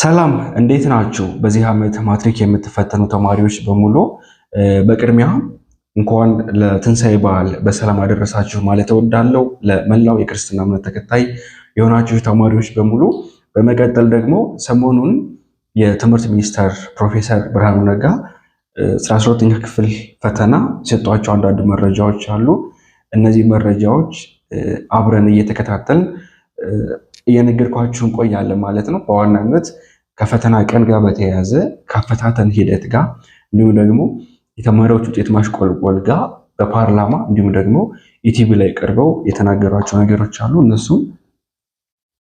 ሰላም እንዴት ናችሁ? በዚህ ዓመት ማትሪክ የምትፈተኑ ተማሪዎች በሙሉ በቅድሚያ እንኳን ለትንሣኤ በዓል በሰላም አደረሳችሁ ማለት እወዳለሁ ለመላው የክርስትና እምነት ተከታይ የሆናችሁ ተማሪዎች በሙሉ። በመቀጠል ደግሞ ሰሞኑን የትምህርት ሚኒስተር ፕሮፌሰር ብርሃኑ ነጋ አስራ ሁለተኛ ክፍል ፈተና የሰጧቸው አንዳንድ መረጃዎች አሉ። እነዚህ መረጃዎች አብረን እየተከታተልን እየነገርኳችሁ እንቆያለን ማለት ነው በዋናነት ከፈተና ቀን ጋር በተያያዘ ከፈታተን ሂደት ጋር እንዲሁም ደግሞ የተማሪዎች ውጤት ማሽቆልቆል ጋር በፓርላማ እንዲሁም ደግሞ ኢቲቪ ላይ ቀርበው የተናገሯቸው ነገሮች አሉ። እነሱም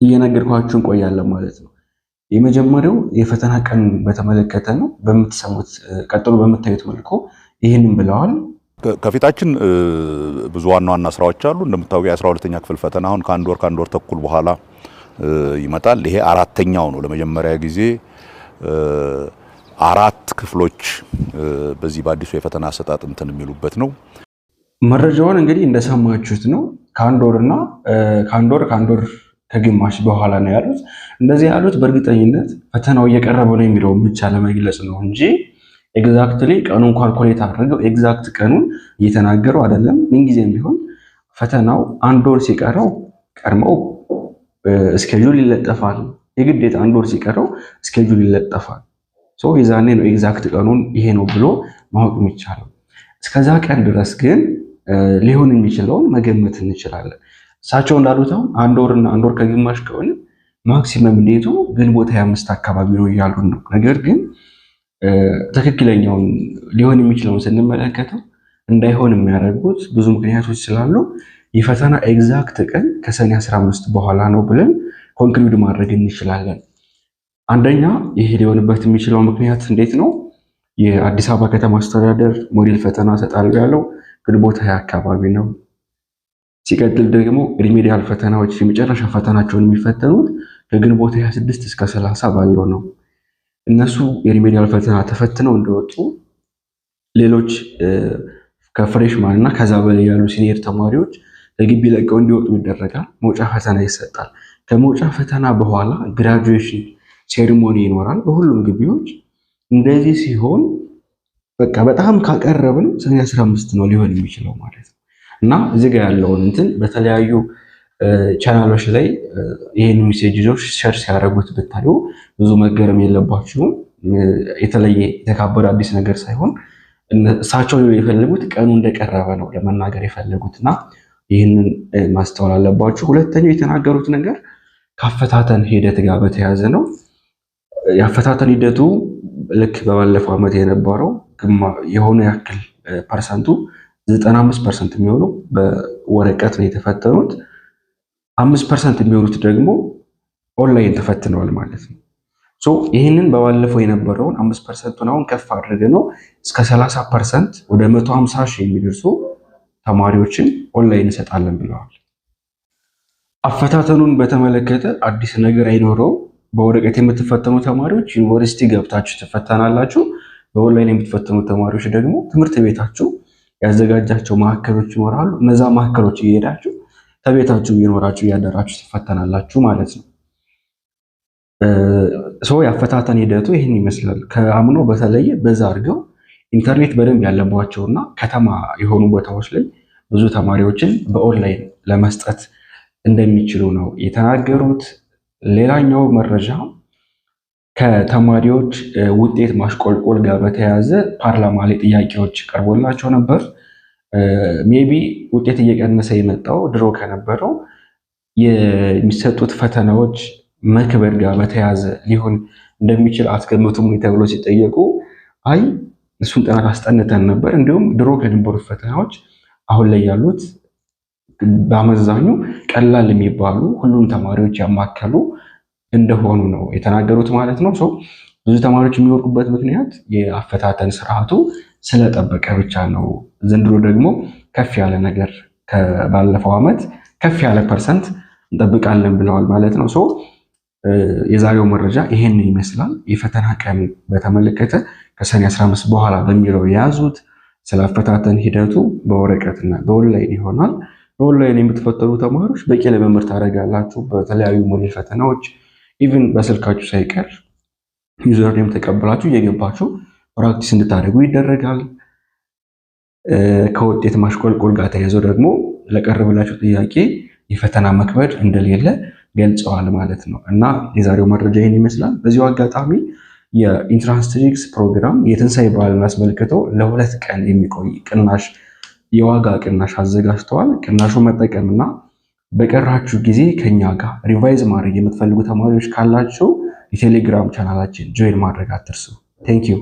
እየነገርኳችሁ እንቆያለን ማለት ነው። የመጀመሪያው የፈተና ቀን በተመለከተ ነው። በምትሰሙት ቀጥሎ በምታዩት መልኩ ይህንን ብለዋል። ከፊታችን ብዙ ዋና ዋና ስራዎች አሉ። እንደምታወቀው የአስራ ሁለተኛ ክፍል ፈተና አሁን ከአንድ ወር ከአንድ ወር ተኩል በኋላ ይመጣል። ይሄ አራተኛው ነው። ለመጀመሪያ ጊዜ አራት ክፍሎች በዚህ በአዲሱ የፈተና አሰጣጥ እንትን የሚሉበት ነው። መረጃውን እንግዲህ እንደሰማችሁት ነው። ከአንድ እና ከአንድ ወር ከአንድ ወር ከግማሽ በኋላ ነው ያሉት። እንደዚህ ያሉት በእርግጠኝነት ፈተናው እየቀረበ ነው የሚለውን ብቻ ለመግለጽ ነው እንጂ ኤግዛክትሊ ቀኑን ኳልኩሌት አድርገው ኤግዛክት ቀኑን እየተናገሩ አይደለም። ምንጊዜም ቢሆን ፈተናው አንድ ወር ሲቀረው ቀድመው እስኬጁል ይለጠፋል። የግዴታ አንድ ወር ሲቀረው እስኬጁል ይለጠፋል። ሶ የዛኔ ነው ኤግዛክት ቀኑን ይሄ ነው ብሎ ማወቅ የሚቻለው። እስከዛ ቀን ድረስ ግን ሊሆን የሚችለውን መገመት እንችላለን። እሳቸው እንዳሉት አሁን አንድ ወርና አንድ ወር ከግማሽ ከሆነ ማክሲመም ዴቱ ግንቦት ሃያ አምስት አካባቢ ነው እያሉ ነው። ነገር ግን ትክክለኛውን ሊሆን የሚችለውን ስንመለከተው እንዳይሆን የሚያደርጉት ብዙ ምክንያቶች ስላሉ የፈተና ኤግዛክት ቀን ከሰኔ 15 በኋላ ነው ብለን ኮንክሉድ ማድረግ እንችላለን። አንደኛ ይሄ ሊሆንበት የሚችለው ምክንያት እንዴት ነው? የአዲስ አበባ ከተማ አስተዳደር ሞዴል ፈተና እሰጣለሁ ያለው ግንቦት ሃያ አካባቢ ነው። ሲቀጥል ደግሞ ሪሜዲያል ፈተናዎች የመጨረሻ ፈተናቸውን የሚፈተኑት ከግንቦት 26 እስከ 30 ባለው ነው። እነሱ የሪሜዲያል ፈተና ተፈትነው እንደወጡ ሌሎች ከፍሬሽማን እና ከዛ በላይ ያሉ ሲኒየር ተማሪዎች ከግቢ ለቀው እንዲወጡ ይደረጋል። መውጫ ፈተና ይሰጣል። ከመውጫ ፈተና በኋላ ግራጁዌሽን ሴሪሞኒ ይኖራል በሁሉም ግቢዎች። እንደዚህ ሲሆን በቃ በጣም ካቀረብን ሰኔ 15 ነው ሊሆን የሚችለው ማለት ነው። እና እዚህ ጋር ያለውን እንትን በተለያዩ ቻናሎች ላይ ይህን ሜሴጅ ይዞች ሸር ሲያደረጉት ብታዩ ብዙ መገረም የለባችሁም። የተለየ የተካበረ አዲስ ነገር ሳይሆን እሳቸው የፈለጉት ቀኑ እንደቀረበ ነው ለመናገር የፈለጉት እና ይህንን ማስተዋል አለባችሁ። ሁለተኛው የተናገሩት ነገር ከአፈታተን ሂደት ጋር በተያያዘ ነው። የአፈታተን ሂደቱ ልክ በባለፈው ዓመት የነበረው የሆነ ያክል ፐርሰንቱ 95 ፐርሰንት የሚሆኑ በወረቀት ነው የተፈተኑት። አምስት ፐርሰንት የሚሆኑት ደግሞ ኦንላይን ተፈትነዋል ማለት ነው። ይህንን በባለፈው የነበረውን አምስት ፐርሰንቱን አሁን ከፍ አድርገ ነው እስከ 30 ፐርሰንት ወደ መቶ 5 ሺህ የሚደርሱ ተማሪዎችን ኦንላይን እንሰጣለን ብለዋል። አፈታተኑን በተመለከተ አዲስ ነገር አይኖረውም። በወረቀት የምትፈተኑ ተማሪዎች ዩኒቨርሲቲ ገብታችሁ ትፈተናላችሁ። በኦንላይን የምትፈተኑ ተማሪዎች ደግሞ ትምህርት ቤታችሁ ያዘጋጃቸው ማዕከሎች ይኖራሉ። እነዛ ማዕከሎች እየሄዳችሁ ከቤታችሁ እየኖራችሁ እያደራችሁ ትፈተናላችሁ ማለት ነው። ሰው ያፈታተን ሂደቱ ይህን ይመስላል። ከአምኖ በተለየ በዛ አድርገው ኢንተርኔት በደንብ ያለባቸው እና ከተማ የሆኑ ቦታዎች ላይ ብዙ ተማሪዎችን በኦንላይን ለመስጠት እንደሚችሉ ነው የተናገሩት። ሌላኛው መረጃ ከተማሪዎች ውጤት ማሽቆልቆል ጋር በተያያዘ ፓርላማ ላይ ጥያቄዎች ቀርቦላቸው ነበር። ሜቢ ውጤት እየቀነሰ የመጣው ድሮ ከነበረው የሚሰጡት ፈተናዎች መክበድ ጋር በተያያዘ ሊሆን እንደሚችል አስገምቱም ተብሎ ሲጠየቁ አይ እሱን ጥናት አስጠንተን ነበር። እንዲሁም ድሮ ከነበሩት ፈተናዎች አሁን ላይ ያሉት በአመዛኙ ቀላል የሚባሉ ሁሉም ተማሪዎች ያማከሉ እንደሆኑ ነው የተናገሩት ማለት ነው። ሰው ብዙ ተማሪዎች የሚወርቁበት ምክንያት የአፈታተን ስርዓቱ ስለጠበቀ ብቻ ነው። ዘንድሮ ደግሞ ከፍ ያለ ነገር ከባለፈው ዓመት ከፍ ያለ ፐርሰንት እንጠብቃለን ብለዋል ማለት ነው። የዛሬው መረጃ ይሄን ይመስላል። የፈተና ቀን በተመለከተ ከሰኔ 15 በኋላ በሚለው የያዙት ስለ ሂደቱ በወረቀትና በኦንላይን ይሆናል። በኦንላይን የምትፈተኑ ተማሪዎች በቂ ልምምድ ታደርጋላችሁ። በተለያዩ ሞዴል ፈተናዎች ኢቭን በስልካችሁ ሳይቀር ዩዘርኔም ተቀብላችሁ እየገባችሁ ፕራክቲስ እንድታደርጉ ይደረጋል። ከውጤት ማሽቆልቆል ጋር ተያይዞ ደግሞ ለቀረበላችሁ ጥያቄ የፈተና መክበድ እንደሌለ ገልጸዋል ማለት ነው። እና የዛሬው መረጃ ይህን ይመስላል። በዚሁ አጋጣሚ የኢንትራንስ ፕሮግራም የትንሳኤ በዓልን አስመልክቶ ለሁለት ቀን የሚቆይ ቅናሽ የዋጋ ቅናሽ አዘጋጅተዋል። ቅናሹ መጠቀምና በቀራችሁ ጊዜ ከኛ ጋር ሪቫይዝ ማድረግ የምትፈልጉ ተማሪዎች ካላችሁ የቴሌግራም ቻናላችን ጆይን ማድረግ አትርሱ። ቴንክ ዩ